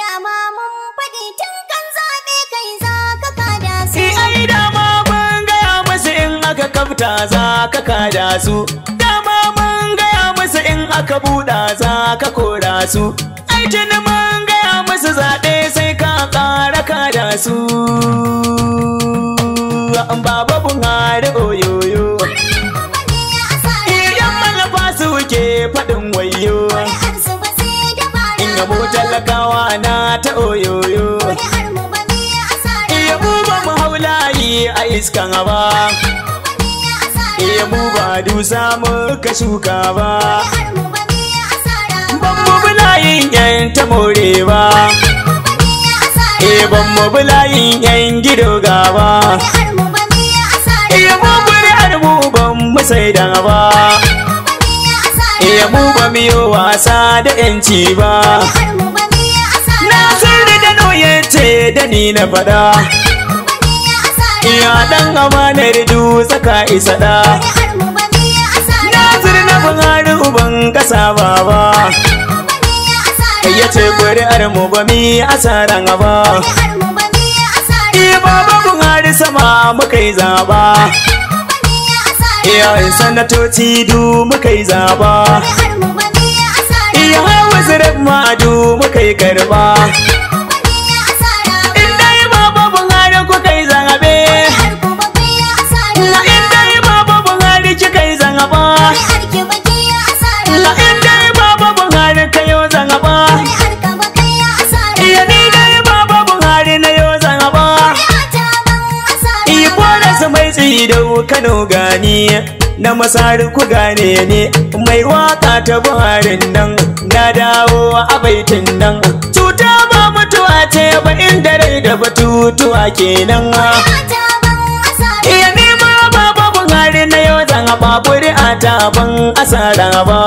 dama mun faɗi tun kan zaɓe kai za ka kada su. Ni ai dama mun gaya musu in aka kafta za ka kada su. Dama mun gaya musu in aka buɗa za ka kora su. Ai tuni mun gaya musu zaɓe sai ka ƙara kada su. Baba Buhari oyoyo. oyoyo iya mu ba mu haulayi a iskan ba iya mu ba dusa muka shuka ba ban mu bulayin yan ta more ba iya ban mu bulayin yan gido gaba iya mu kuri'ar mu ban mu saida ba iya mu ba miyo wasa da yanci ba me dani na faɗa iya dan amanar du saka isa da nazir na buhari uban kasa baba ya ce kuri'ar mu ba mi asaran ba iya baba buhari sama muka yi zaba iyayen sanatoci du muka yi zaba iya hawa zirab ma du muka yi karba fili dau Kano gani na masari ku gane ne mai waka ta buharin nan na dawo a baitin nan cuta ba mutuwa ce ba inda rai da batutuwa kenan iya nema ba babu buhari na yau zan haɓa a taban asara ba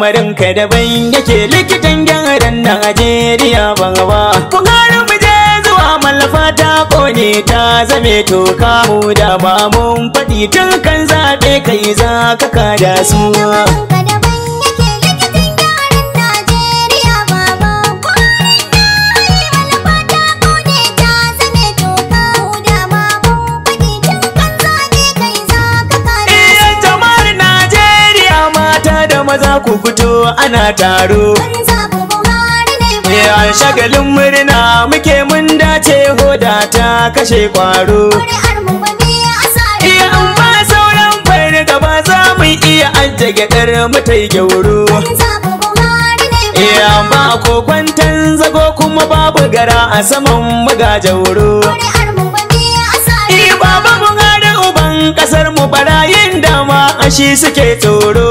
lamarin ka daban yake likitan gyaran Najeriya ba ba ku gara mu je zuwa mallafa ta kone ta zame to ka mu da ba mun faɗi tun kan zaɓe kai za ka kada su maza ku fito ana taro an shagalin murna muke mun dace hoda ta kashe kwaro iya an ba sauran da gaba za mu iya an jagaɗar mutai gyauro iya ba kwantan zago kuma babu gara a saman magajauro iya eh, baba mun uban ƙasar mu barayin dama a shi suke tsoro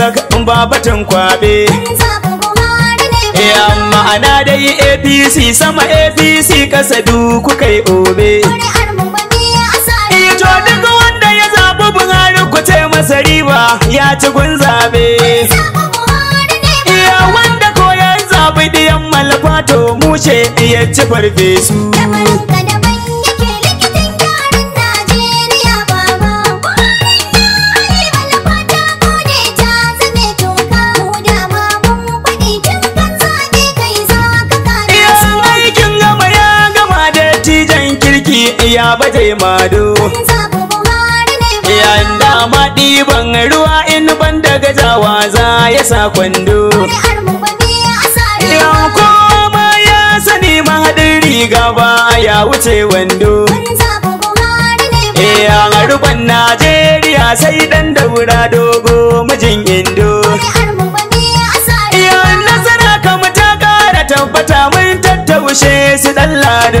sak babatan kwabe ma'ana dai apc sama apc kasa duku kai obe eh, to duk wanda ya zaɓi buhari ku ce masa riba ya ci gun zabe eh, wanda ko ya zaɓi diyan mu ce ya ci farfesu mai mado yayin da ɗiban ruwa in ban daga gazawa za ya sa kwando yan koma ya sani mahaɗin riga ba ya wuce wando yan eh, ruban najeriya sai ɗan daura dogo mijin indo yan nasara ta ƙara tabbata mun tattaushe su ɗan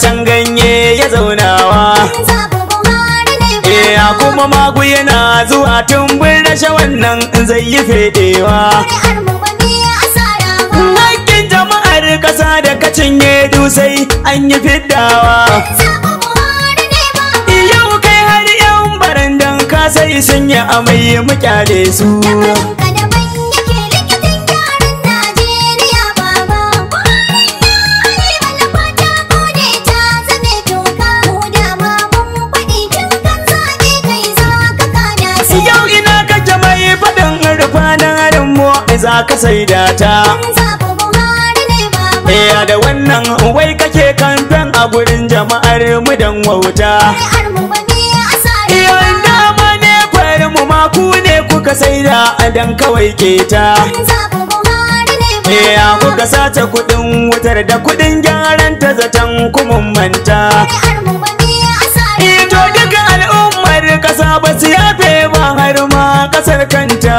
can ganye ya zaunawa ya eh, kuma magu yana zuwa tumbin rashe wannan zai yi fedewa hakkin jama'ar kasa da kacin ya dusai an yi fidawa yau kai har yan barandan kasai sun yi amai mukyale su sai da eh, da wannan wai kake kamfen a gurin jama'ar mu dan wauta Iyon dama ne farin mu ma ku ne kuka saida da kawai keta Eya eh, kuka sace kudin wutar da kudin gyaran ta zaton kumun manta Ito eh, duka al'ummar kasa ba su yafe ba har ma kasar kanta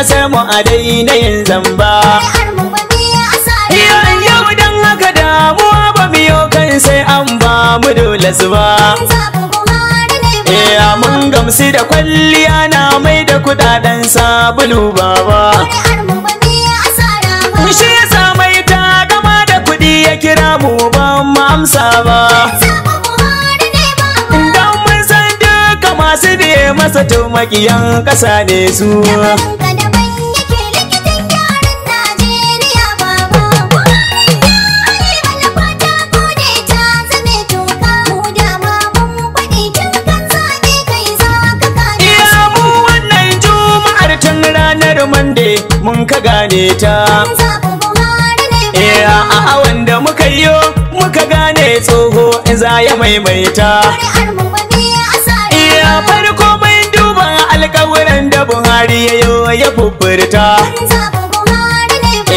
kasar mu a daina yin zamba yau dan haka damuwa ba biyo kan sai an ba mu dole su ba eh, mun gamsu da kwalliya na mai da kudaden sabulu baba shi yasa mai ta gama da kudi ya kira mu ba mu amsa ba don mun san duka masu biye masa tumakiyan ƙasa ne su gane ta eh, a wanda muka yo, muka gane tsoho za ya maimaita iya eh, farko mai duba alkawuran da buhari ya yi ya fufurta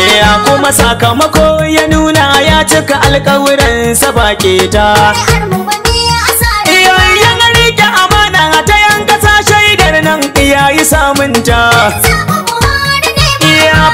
iya eh, kuma sakamako ya nuna ya cika alkawuran sa baƙi ta iyayen rike amana ta yanka sa shaidar nan iyayi samunta iya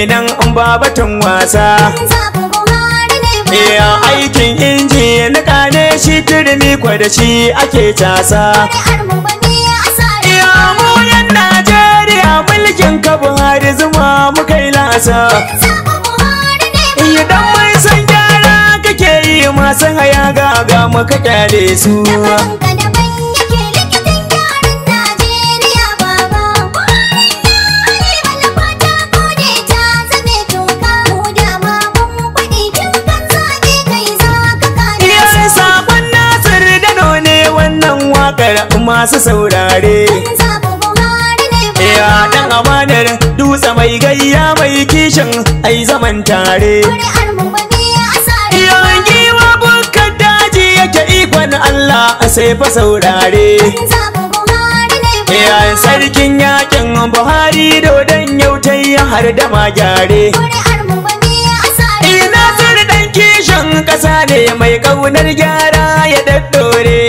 kenan in ba batun wasa Iya aikin inji na kane shi turmi kwa da shi ake tasa Iya mu yan Najeriya mulkin ka Buhari zuma muka yi lasa Idan mai san gyara kake yi masu haya ga ga muka kyale su masu saurare Ya ɗan amanar dutse mai gayya mai kishin ai zaman tare Yan giwa bukkan daji yake ikon Allah sai fa saurare Ya sarkin yakin Buhari dodon yautai har da magyare Ina sir dan kishin ƙasa ne mai ƙaunar gyara ya daddore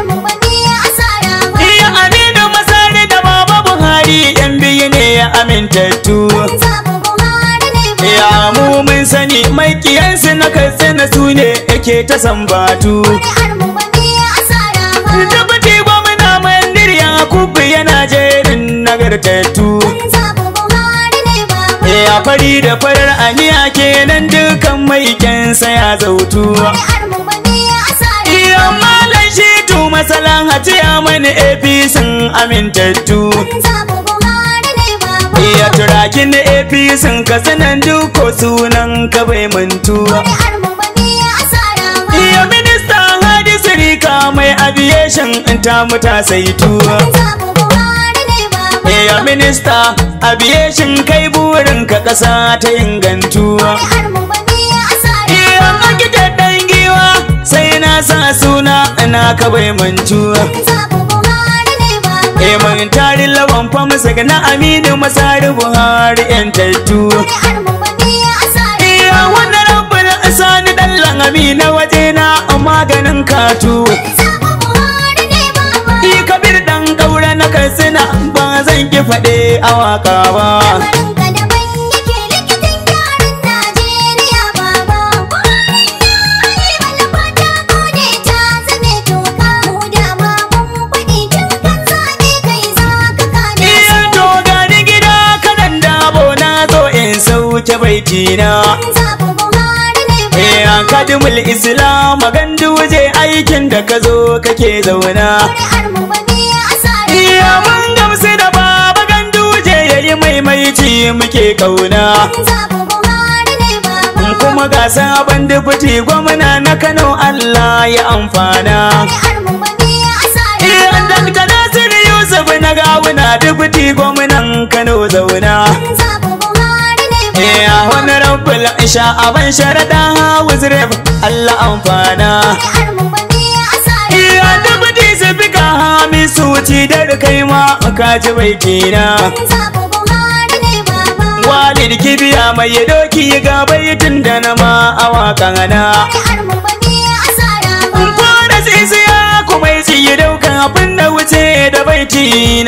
amintattu ya mu mun sani mai kiyansu na katsina su ne yake ta sambatu ba ya yana jerin nagartattu fari da farar aniya kenan dukan mai kyansa ya zautu Yamma malam tu masalaha ce mani efi amintattu. Kaki na APC ka sanan duko sunan ka bai mantuwa. Iya ministan Hadi Sirika mai aviation in ta muta saituwa. Iya minista aviation kai burin ka kasa ta ingantuwa. Iya magidan giwa sai na sa suna ina ka bai mantuwa. e tari lawan fa na aminu masari buhari yan tattu ya wannan rabbul asani dallan amina waje na maganin katu i kabir dan gaura na katsina ba zan ki faɗe a waka ba baitina Eh kadimul islam gandu je aikin da kazo kake zauna ya eh, mun gamsu da baba gandu je yayi maimaici muke kauna kuma ga sabon dubuti gwamna na Kano Allah ya amfana Iyan eh, dan kana Yusuf na gawuna dubuti gwamnan Kano zauna ya wani rabbul isha aban sharada wuzrif Allah amfana iya dubdi zubika hamisu wuci da kai ma aka ji bai kina walid kibiya mai doki ga baitin da na ma a wakan ana Kora zai siya kuma yi daukan abin da wuce da baitina.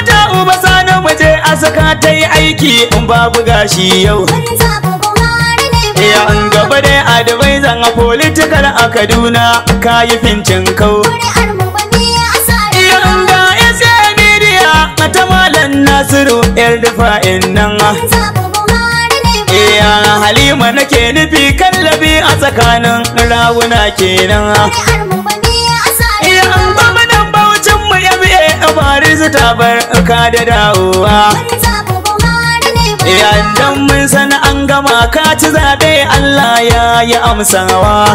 uba sani muje a saka ta yi aiki in babu gashi yau ya an gaba dai advisor a political a kaduna ka yi fincin kau ta malan nasiru yar dufa'in nan ya halima nake nufi kallabi a tsakanin rawuna kenan yanzu ta bar ka da dawowa dan mun san an gama ka ci zaɓe Allah ya yi amsawa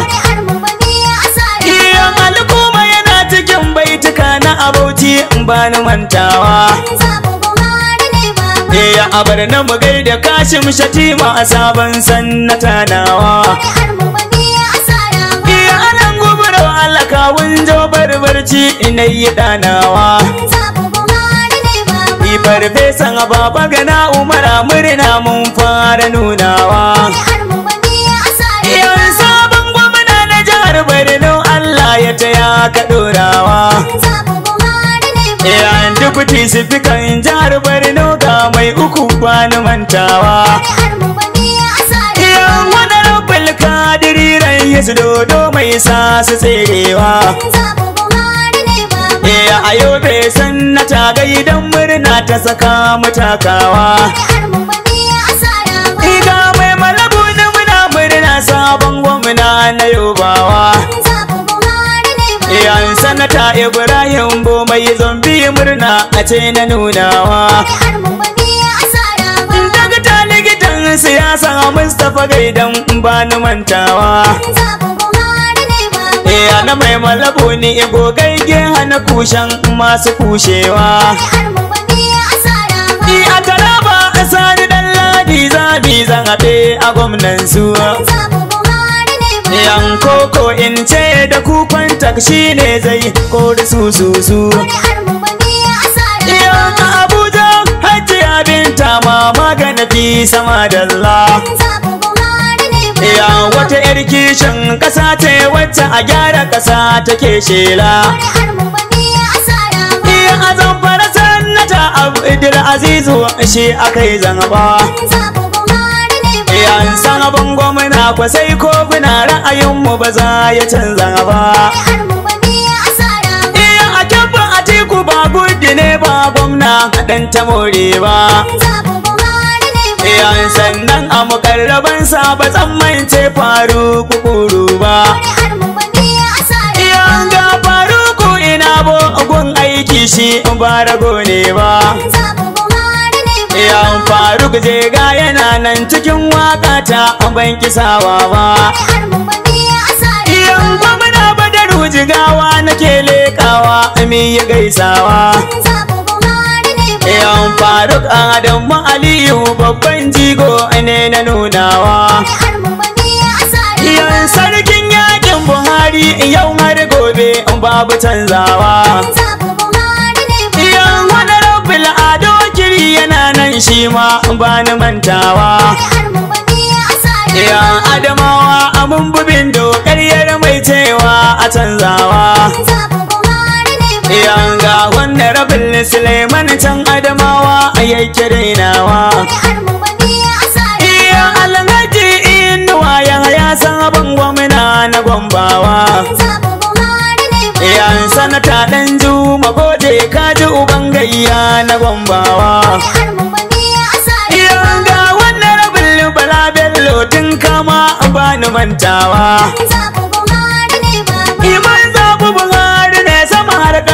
Iyan al'umma yana cikin baituka na abauci in ba ni mantawa Iya abar na mu gaida kashim shatima a sabon sannata nawa Iya anan gubaro alakawun jo barbarci inai yi ɗanawa Ni farfesan baba gana umara murna mun fara nunawa. Yan sabon gwamna na jihar Borno Allah ya taya ka ɗorawa. Yan dukuti sifikan jihar Borno ga mai uku kwanu mantawa. Yan wani rubul kadiri ran yasu dodo mai sa su tserewa. Eya eh, a be bai san na ga idan murna ta saka mu takawa. Iga mai malabu na muna murna sabon gwamna na yobawa. Yan eh, sanata Ibrahim bo mai zombi murna a ce na nunawa. Daga ta likitan siyasa mustafa Gaidan ba ni mantawa. ana mai malabo ni igo gaige hana kushen masu kushewa Ni a taraba a sani dan ladi zabi zan haɗe a gwamnan su Yan koko in ce da kukon takshi ne zai kori su su su Yan Abuja hajji abin ta ma magana fi sama da Allah Iya wata yar kishin ƙasa ta wacce a gyara ƙasa take shela iya azan fara sannata abu idil azizu shi aka yi zangaba yan sanabin gwamna kwa sai ko kuna ra'ayinmu ba za ya canza ba iya a kyabba a teku ba gudu ne ba gwamna ɗan ta more ba iyayen sannan a mukarraban sa ba tsammanin ce faru kukuru ba iyan ga faru ku ina bo gun aiki shi ba rago ne ba iyan faru je ga yana nan cikin waka ta ban kisawa ba iyan gwamna badaru jigawa nake lekawa mi ya gaisawa Malam Faruk Adam Aliyu babban jigo ne na nunawa. Yan sarkin yakin Buhari yau har gobe babu canzawa. Yan wani bil'ado ado kiri yana nan shi ma ba ni mantawa. Yan adamawa a mumbubin dokar yar mai cewa a canzawa. yanga wanda rabin Suleiman can adamawa a yake rainawa iya alhaji inuwa ya haya san abin gwamna na gwambawa iya sanata dan juma gode kaji uban gayya na gwambawa yanga wanda rabin bala bello tun kama bani mantawa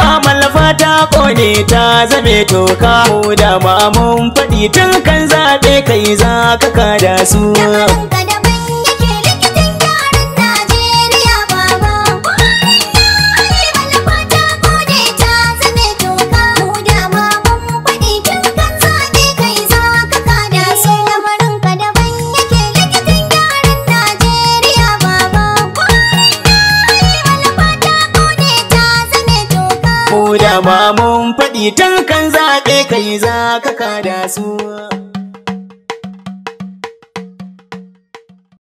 dawa mallafa ta kone ta zame toka da ma mun faɗi tun kan zaɓe kai za ka kada su